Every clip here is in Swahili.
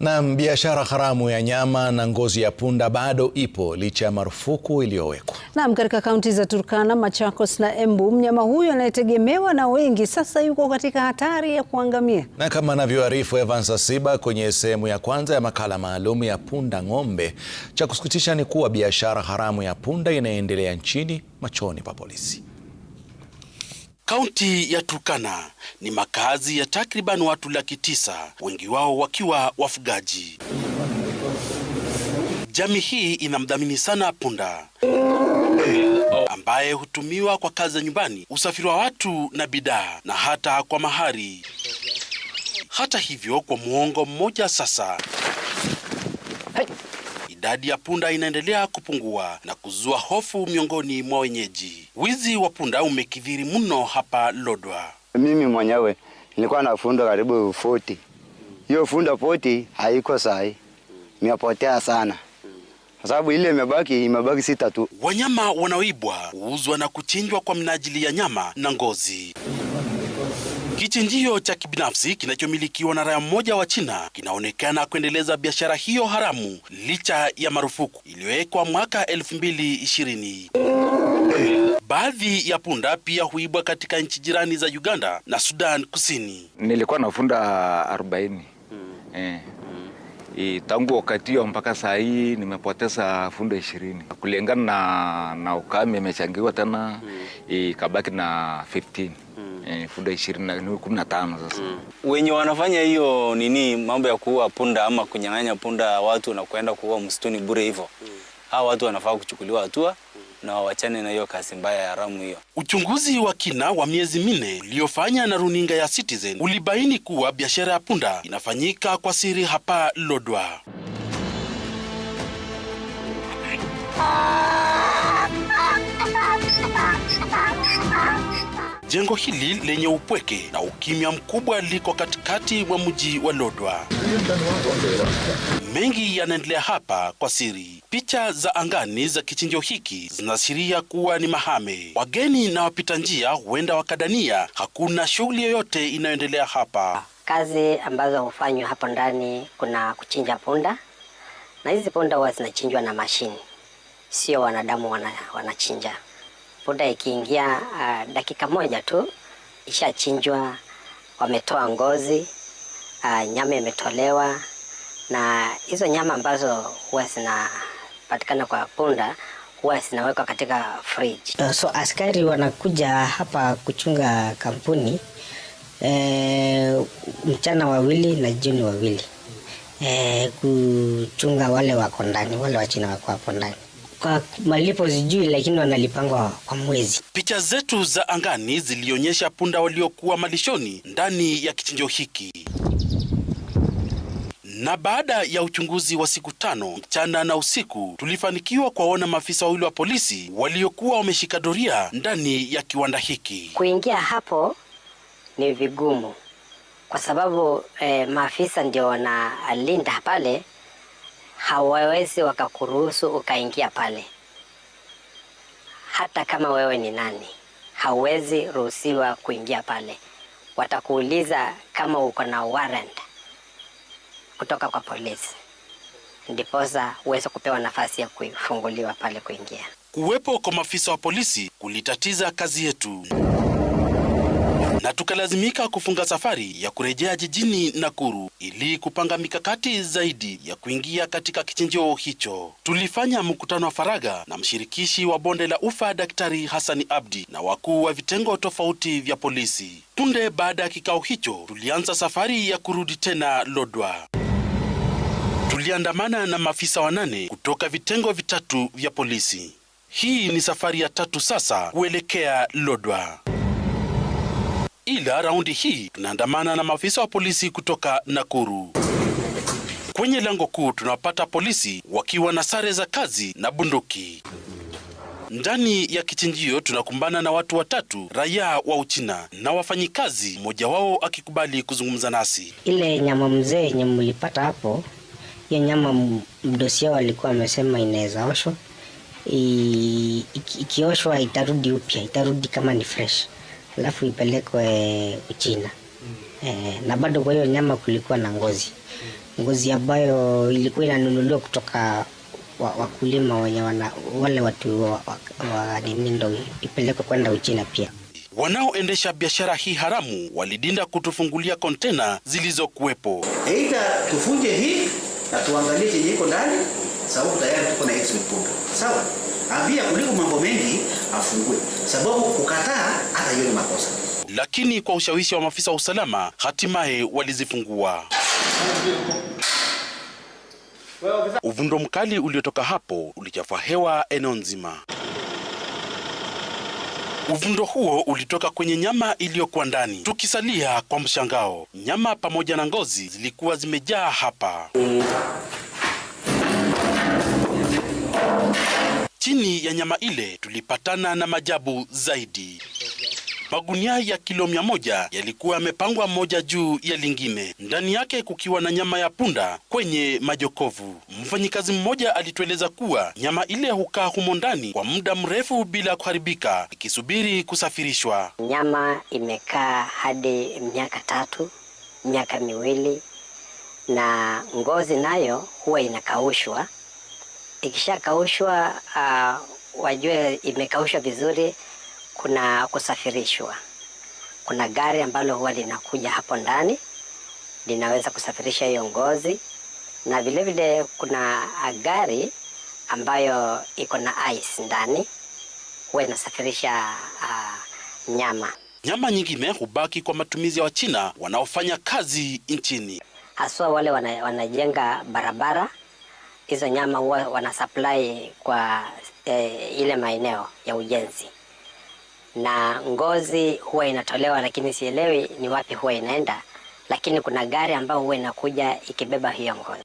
Na biashara haramu ya nyama na ngozi ya punda bado ipo licha ya marufuku iliyowekwa. Naam, katika kaunti za Turkana, Machakos na Embu, mnyama huyo anayetegemewa na wengi sasa yuko katika hatari ya kuangamia. Na kama anavyoarifu Evans Asiba kwenye sehemu ya kwanza ya makala maalum ya Punda Ng'ombe, cha kusikitisha ni kuwa biashara haramu ya punda inaendelea nchini machoni pa polisi. Kaunti ya Turkana ni makazi ya takriban watu laki tisa, wengi wao wakiwa wafugaji. Jamii hii inamdhamini sana punda ambaye hutumiwa kwa kazi za nyumbani, usafiri wa watu na bidhaa, na hata kwa mahari. Hata hivyo, kwa muongo mmoja sasa idadi ya punda inaendelea kupungua na kuzua hofu miongoni mwa wenyeji. Wizi wa punda umekithiri mno hapa Lodwa. Mimi mwenyewe nilikuwa na funda karibu foti, hiyo funda foti haiko sahi, imepotea sana kwa sababu ile imebaki imebaki sita tu. Wanyama wanaoibwa huuzwa na kuchinjwa kwa minajili ya nyama na ngozi. Kichinjio cha kibinafsi kinachomilikiwa na raia mmoja wa China kinaonekana kuendeleza biashara hiyo haramu licha ya marufuku iliyowekwa mwaka 2020. Baadhi ya punda pia huibwa katika nchi jirani za Uganda na Sudan Kusini. Nilikuwa na funda 40. Hmm. Eh. E, tangu wakati hiyo mpaka saa hii nimepoteza funda ishirini kulingana na, na ukame imechangiwa tena hmm. E, na 15 hmm eh, punda ishirini na kumi na tano sasa mm. Wenye wanafanya hiyo nini mambo ya kuua punda ama kunyang'anya punda watu na kuenda kuua msituni bure hivyo mm. Hawa watu wanafaa kuchukuliwa hatua na wawachane na hiyo kasi mbaya ya ramu hiyo. Uchunguzi wa kina wa miezi minne uliofanya na runinga ya Citizen ulibaini kuwa biashara ya punda inafanyika kwa siri hapa Lodwar. Ah. Jengo hili lenye upweke na ukimya mkubwa liko katikati mwa mji wa Lodwa. Mengi yanaendelea hapa kwa siri. Picha za angani za kichinjio hiki zinaashiria kuwa ni mahame. Wageni na wapita njia huenda wakadania hakuna shughuli yoyote inayoendelea hapa. Kazi ambazo hufanywa hapo ndani, kuna kuchinja punda, na hizi punda huwa zinachinjwa na mashini, sio wanadamu wanachinja wana punda ikiingia uh, dakika moja tu ishachinjwa, wametoa ngozi uh, nyama imetolewa, na hizo nyama ambazo huwa zinapatikana kwa punda huwa zinawekwa katika fridge. So askari wanakuja hapa kuchunga kampuni e, mchana wawili na jioni wawili e, kuchunga wale wako ndani, wale wachina wako hapo ndani kwa malipo sijui, lakini wanalipangwa kwa mwezi. Picha zetu za angani zilionyesha punda waliokuwa malishoni ndani ya kichinjio hiki na baada ya uchunguzi wa siku tano mchana na usiku, tulifanikiwa kuwaona maafisa wawili wa polisi waliokuwa wameshika doria ndani ya kiwanda hiki. Kuingia hapo ni vigumu kwa sababu eh, maafisa ndio wanalinda pale hawawezi wakakuruhusu ukaingia pale, hata kama wewe ni nani, hauwezi ruhusiwa kuingia pale. Watakuuliza kama uko na warrant kutoka kwa polisi, ndiposa uweze kupewa nafasi ya kufunguliwa pale kuingia. Kuwepo kwa maafisa wa polisi kulitatiza kazi yetu na tukalazimika kufunga safari ya kurejea jijini Nakuru ili kupanga mikakati zaidi ya kuingia katika kichinjio hicho. Tulifanya mkutano wa faragha na mshirikishi wa bonde la Ufa, Daktari Hasani Abdi, na wakuu wa vitengo tofauti vya polisi. Punde baada ya kikao hicho, tulianza safari ya kurudi tena Lodwa. Tuliandamana na maafisa wanane kutoka vitengo vitatu vya polisi. Hii ni safari ya tatu sasa kuelekea Lodwa ila raundi hii tunaandamana na maafisa wa polisi kutoka Nakuru. Kwenye lango kuu tunawapata polisi wakiwa na sare za kazi na bunduki. Ndani ya kichinjio tunakumbana na watu watatu raia wa Uchina na wafanyikazi, mmoja wao akikubali kuzungumza nasi. Ile nyama mzee yenye mlipata hapo, hiyo nyama mdosia walikuwa wamesema inaweza oshwa, ikioshwa itarudi upya, itarudi kama ni fresh alafu ipelekwe Uchina. Mm. Eh, na bado kwa hiyo nyama kulikuwa na ngozi mm. ngozi ambayo ilikuwa inanunuliwa kutoka wakulima wa wenye wana, wale watu wa, wa, wa nini ndo ipelekwe kwenda Uchina pia. Wanaoendesha biashara hii haramu walidinda kutufungulia kontena zilizokuwepo. Eita tufunje hii na tuangalie chenye iko ndani, sababu tayari tuko na export. sawa, ambia kuliko mambo mengi afungue, sababu kukataa hata hiyo ni makosa. Lakini kwa ushawishi wa maafisa wa usalama hatimaye walizifungua. Uvundo mkali uliotoka hapo ulichafua hewa eneo nzima. Uvundo huo ulitoka kwenye nyama iliyokuwa ndani. Tukisalia kwa mshangao, nyama pamoja na ngozi zilikuwa zimejaa hapa. Chini ya nyama ile tulipatana na majabu zaidi. Magunia ya kilo mia moja yalikuwa yamepangwa moja juu ya lingine, ndani yake kukiwa na nyama ya punda kwenye majokovu. Mfanyikazi mmoja alitueleza kuwa nyama ile hukaa humo ndani kwa muda mrefu bila kuharibika, ikisubiri kusafirishwa. Nyama imekaa hadi miaka tatu, miaka miwili, na ngozi nayo huwa inakaushwa ikishakaushwa uh, wajue imekaushwa vizuri, kuna kusafirishwa. Kuna gari ambalo huwa linakuja hapo ndani linaweza kusafirisha hiyo ngozi, na vilevile kuna gari ambayo iko na ice ndani, huwa inasafirisha uh, nyama. Nyama nyingine hubaki kwa matumizi ya wa Wachina wanaofanya kazi nchini, haswa wale wana, wanajenga barabara hizo nyama huwa wana supply kwa eh, ile maeneo ya ujenzi, na ngozi huwa inatolewa, lakini sielewi ni wapi huwa inaenda, lakini kuna gari ambayo huwa inakuja ikibeba hiyo ngozi.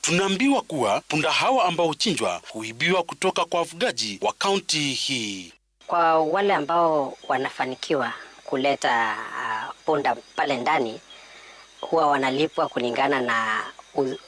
Tunaambiwa kuwa punda hawa ambao huchinjwa huibiwa kutoka kwa wafugaji wa kaunti hii. Kwa wale ambao wanafanikiwa kuleta uh, punda pale ndani huwa wanalipwa kulingana na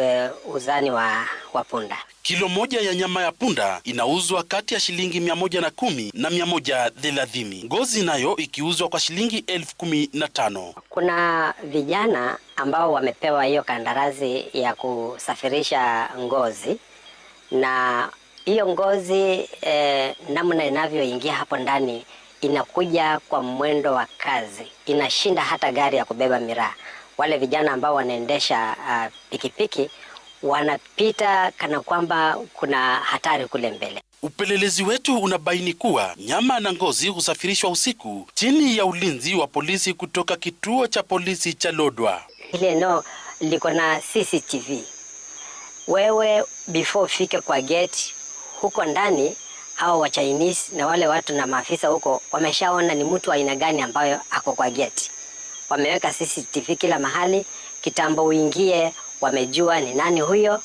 E, uzani wa, wa punda. Kilo moja ya nyama ya punda inauzwa kati ya shilingi mia moja na kumi na mia moja thelathini, ngozi nayo ikiuzwa kwa shilingi elfu kumi na tano. Kuna vijana ambao wamepewa hiyo kandarasi ya kusafirisha ngozi na hiyo ngozi eh, namna inavyoingia hapo ndani inakuja kwa mwendo wa kazi inashinda hata gari ya kubeba miraa wale vijana ambao wanaendesha uh, pikipiki wanapita kana kwamba kuna hatari kule mbele. Upelelezi wetu unabaini kuwa nyama na ngozi husafirishwa usiku chini ya ulinzi wa polisi kutoka kituo cha polisi cha Lodwa. hili eneo liko na CCTV. Wewe before ufike kwa gate, huko ndani hawa wa Chinese na wale watu na maafisa huko wameshaona ni mtu aina gani ambayo ako kwa gate wameweka CCTV kila mahali. Kitambo uingie, wamejua ni nani huyo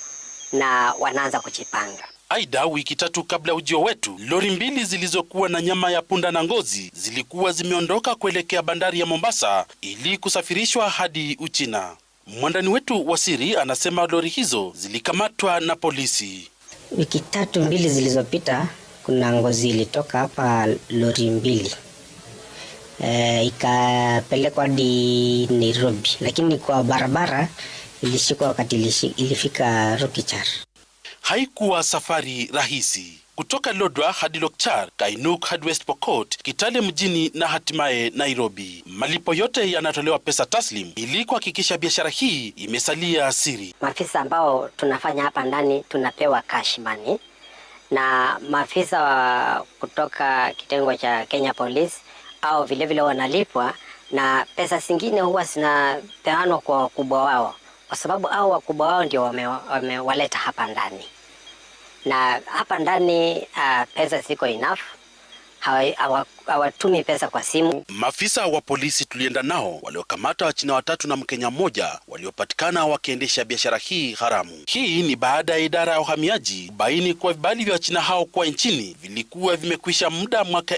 na wanaanza kujipanga. Aidha, wiki tatu kabla ya ujio wetu, lori mbili zilizokuwa na nyama ya punda na ngozi zilikuwa zimeondoka kuelekea bandari ya Mombasa ili kusafirishwa hadi Uchina. Mwandani wetu wa siri anasema lori hizo zilikamatwa na polisi wiki tatu mbili zilizopita. Kuna ngozi ilitoka hapa lori mbili uh, ikapelekwa hadi Nairobi, lakini kwa barabara ilishikwa wakati ilifika Rokichar. Haikuwa safari rahisi kutoka lodwa hadi Lokchar, Kainuk hadi West Pokot, Kitale mjini na hatimaye Nairobi. Malipo yote yanatolewa pesa taslim ili kuhakikisha biashara hii imesalia siri. Maafisa ambao tunafanya hapa ndani tunapewa cash money na maafisa wa kutoka kitengo cha Kenya Police au vilevile wanalipwa, na pesa zingine huwa zinapeanwa kwa wakubwa wao, kwa sababu au wakubwa wao ndio wamewaleta wame hapa ndani, na hapa ndani uh, pesa ziko enough hawa, hawatumi pesa kwa simu. Maafisa wa polisi tulienda nao waliokamata Wachina watatu na Mkenya mmoja waliopatikana wakiendesha biashara hii haramu. Hii ni baada ya idara ya uhamiaji kubaini kuwa vibali vya Wachina hao kuwa nchini vilikuwa vimekwisha muda mwaka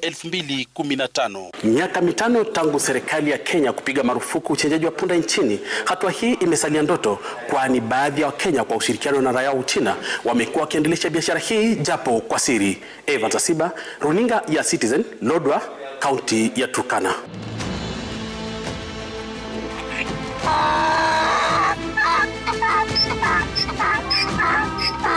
tano. Miaka mitano tangu serikali ya Kenya kupiga marufuku uchenjaji wa punda nchini, hatua hii imesalia ndoto, kwani baadhi ya Wakenya kwa ushirikiano na raia wa Uchina wamekuwa wakiendelesha biashara hii japo kwa siri. Evans Asiba, runinga ya Citizen, Lodwa kaunti ya Turkana. Ah!